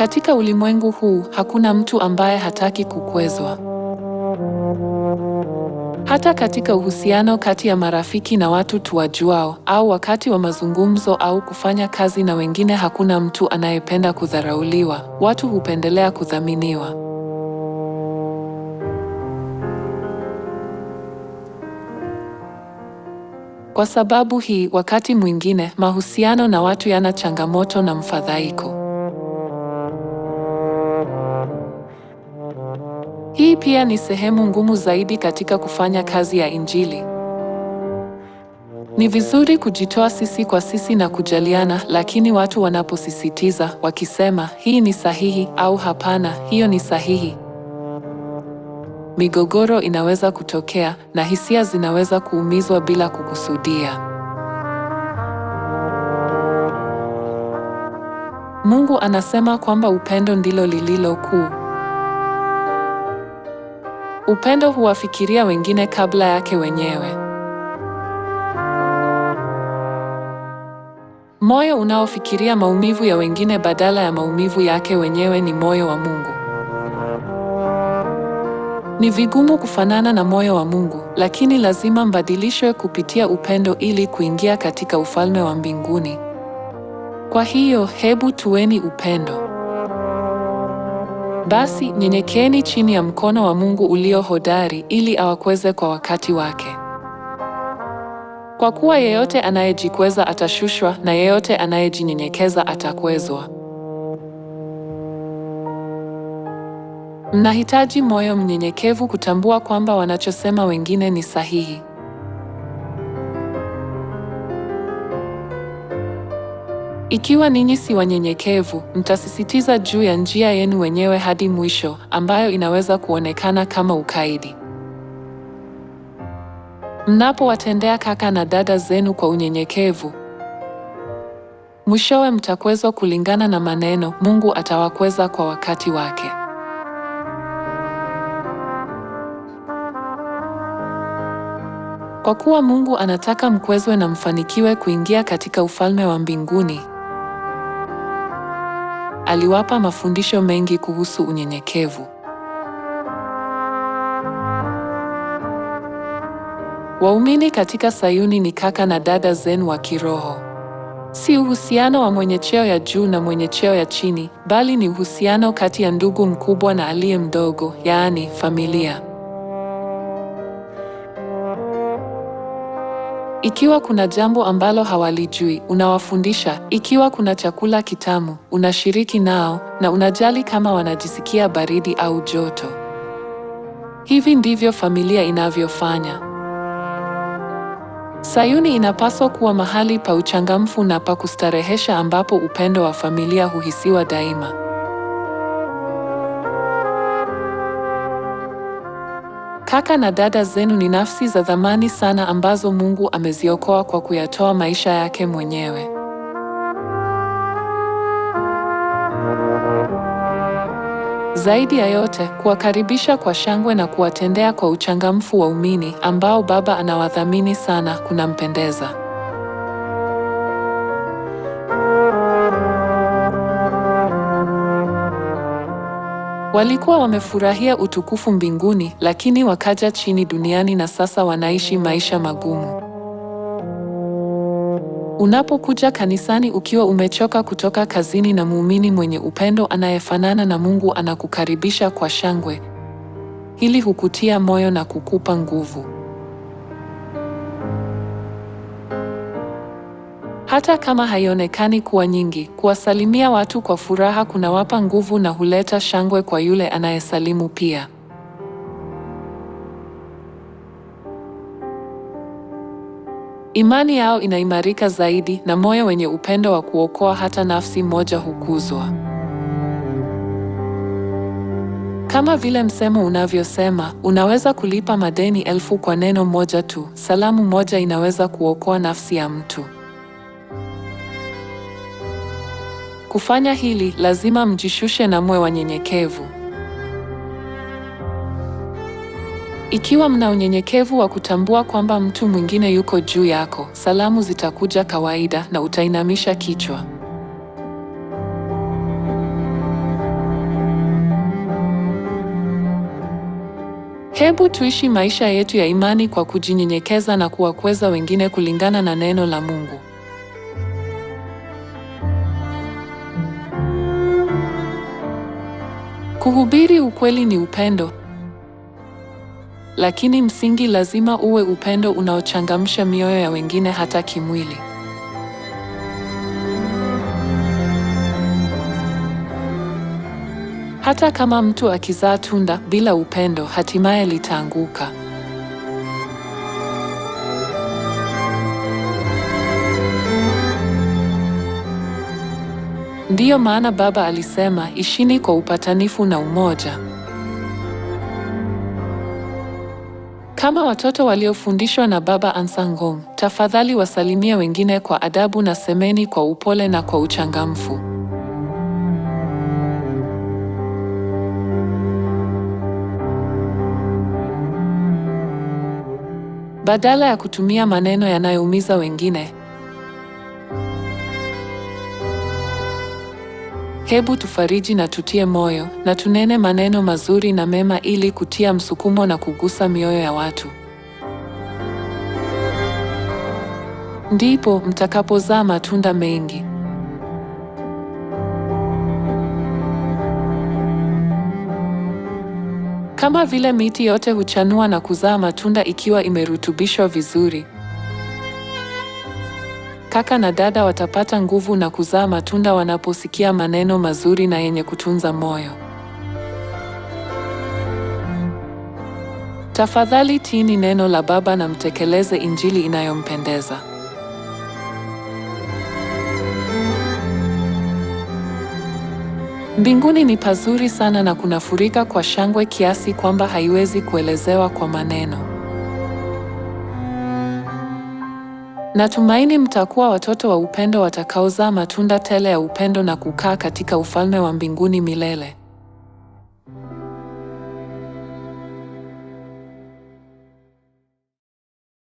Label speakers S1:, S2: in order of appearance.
S1: Katika ulimwengu huu hakuna mtu ambaye hataki kukwezwa. Hata katika uhusiano kati ya marafiki na watu tuwajuao, au wakati wa mazungumzo au kufanya kazi na wengine, hakuna mtu anayependa kudharauliwa. Watu hupendelea kudhaminiwa. Kwa sababu hii, wakati mwingine mahusiano na watu yana changamoto na mfadhaiko. Hii pia ni sehemu ngumu zaidi katika kufanya kazi ya Injili. Ni vizuri kujitoa sisi kwa sisi na kujaliana, lakini watu wanaposisitiza wakisema hii ni sahihi au hapana, hiyo ni sahihi, migogoro inaweza kutokea na hisia zinaweza kuumizwa bila kukusudia. Mungu anasema kwamba upendo ndilo lililo kuu. Upendo huwafikiria wengine kabla yake wenyewe. Moyo unaofikiria maumivu ya wengine badala ya maumivu yake wenyewe ni moyo wa Mungu. Ni vigumu kufanana na moyo wa Mungu, lakini lazima mbadilishwe kupitia upendo ili kuingia katika ufalme wa mbinguni. Kwa hiyo, hebu tuweni upendo. Basi nyenyekeni chini ya mkono wa Mungu ulio hodari ili awakweze kwa wakati wake. Kwa kuwa yeyote anayejikweza atashushwa na yeyote anayejinyenyekeza atakwezwa. Mnahitaji moyo mnyenyekevu kutambua kwamba wanachosema wengine ni sahihi. Ikiwa ninyi si wanyenyekevu, mtasisitiza juu ya njia yenu wenyewe hadi mwisho, ambayo inaweza kuonekana kama ukaidi. Mnapowatendea kaka na dada zenu kwa unyenyekevu, mwishowe mtakwezwa kulingana na maneno, Mungu atawakweza kwa wakati wake. Kwa kuwa Mungu anataka mkwezwe na mfanikiwe kuingia katika ufalme wa mbinguni aliwapa mafundisho mengi kuhusu unyenyekevu. Waumini katika Sayuni ni kaka na dada zenu wa kiroho. Si uhusiano wa mwenye cheo ya juu na mwenye cheo ya chini, bali ni uhusiano kati ya ndugu mkubwa na aliye mdogo, yaani familia. Ikiwa kuna jambo ambalo hawalijui, unawafundisha. Ikiwa kuna chakula kitamu, unashiriki nao na unajali kama wanajisikia baridi au joto. Hivi ndivyo familia inavyofanya. Sayuni inapaswa kuwa mahali pa uchangamfu na pa kustarehesha ambapo upendo wa familia huhisiwa daima. Kaka na dada zenu ni nafsi za thamani sana ambazo Mungu ameziokoa kwa kuyatoa maisha yake mwenyewe. Zaidi ya yote, kuwakaribisha kwa shangwe na kuwatendea kwa uchangamfu waumini ambao Baba anawathamini sana kunampendeza. Walikuwa wamefurahia utukufu mbinguni, lakini wakaja chini duniani na sasa wanaishi maisha magumu. Unapokuja kanisani ukiwa umechoka kutoka kazini na muumini mwenye upendo anayefanana na Mungu anakukaribisha kwa shangwe. Hili hukutia moyo na kukupa nguvu. Hata kama haionekani kuwa nyingi, kuwasalimia watu kwa furaha kunawapa nguvu na huleta shangwe kwa yule anayesalimu pia. Imani yao inaimarika zaidi na moyo wenye upendo wa kuokoa hata nafsi moja hukuzwa. Kama vile msemo unavyosema, unaweza kulipa madeni elfu kwa neno moja tu. Salamu moja inaweza kuokoa nafsi ya mtu. Kufanya hili, lazima mjishushe na mwe wanyenyekevu. Ikiwa mna unyenyekevu wa kutambua kwamba mtu mwingine yuko juu yako, salamu zitakuja kawaida na utainamisha kichwa. Hebu tuishi maisha yetu ya imani kwa kujinyenyekeza na kuwakweza wengine kulingana na neno la Mungu. Kuhubiri ukweli ni upendo, lakini msingi lazima uwe upendo unaochangamsha mioyo ya wengine hata kimwili. Hata kama mtu akizaa tunda bila upendo, hatimaye litaanguka. Ndiyo maana Baba alisema, ishini kwa upatanifu na umoja. Kama watoto waliofundishwa na Baba Ansangon, tafadhali wasalimie wengine kwa adabu na semeni kwa upole na kwa uchangamfu. Badala ya kutumia maneno yanayoumiza wengine, Hebu tufariji na tutie moyo na tunene maneno mazuri na mema ili kutia msukumo na kugusa mioyo ya watu. Ndipo mtakapozaa matunda mengi. Kama vile miti yote huchanua na kuzaa matunda ikiwa imerutubishwa vizuri, Kaka na dada watapata nguvu na kuzaa matunda wanaposikia maneno mazuri na yenye kutunza moyo. Tafadhali tini neno la Baba na mtekeleze Injili inayompendeza. Mbinguni ni pazuri sana na kunafurika kwa shangwe kiasi kwamba haiwezi kuelezewa kwa maneno. Natumaini mtakuwa watoto wa upendo watakaozaa matunda tele ya upendo na kukaa katika ufalme wa mbinguni milele.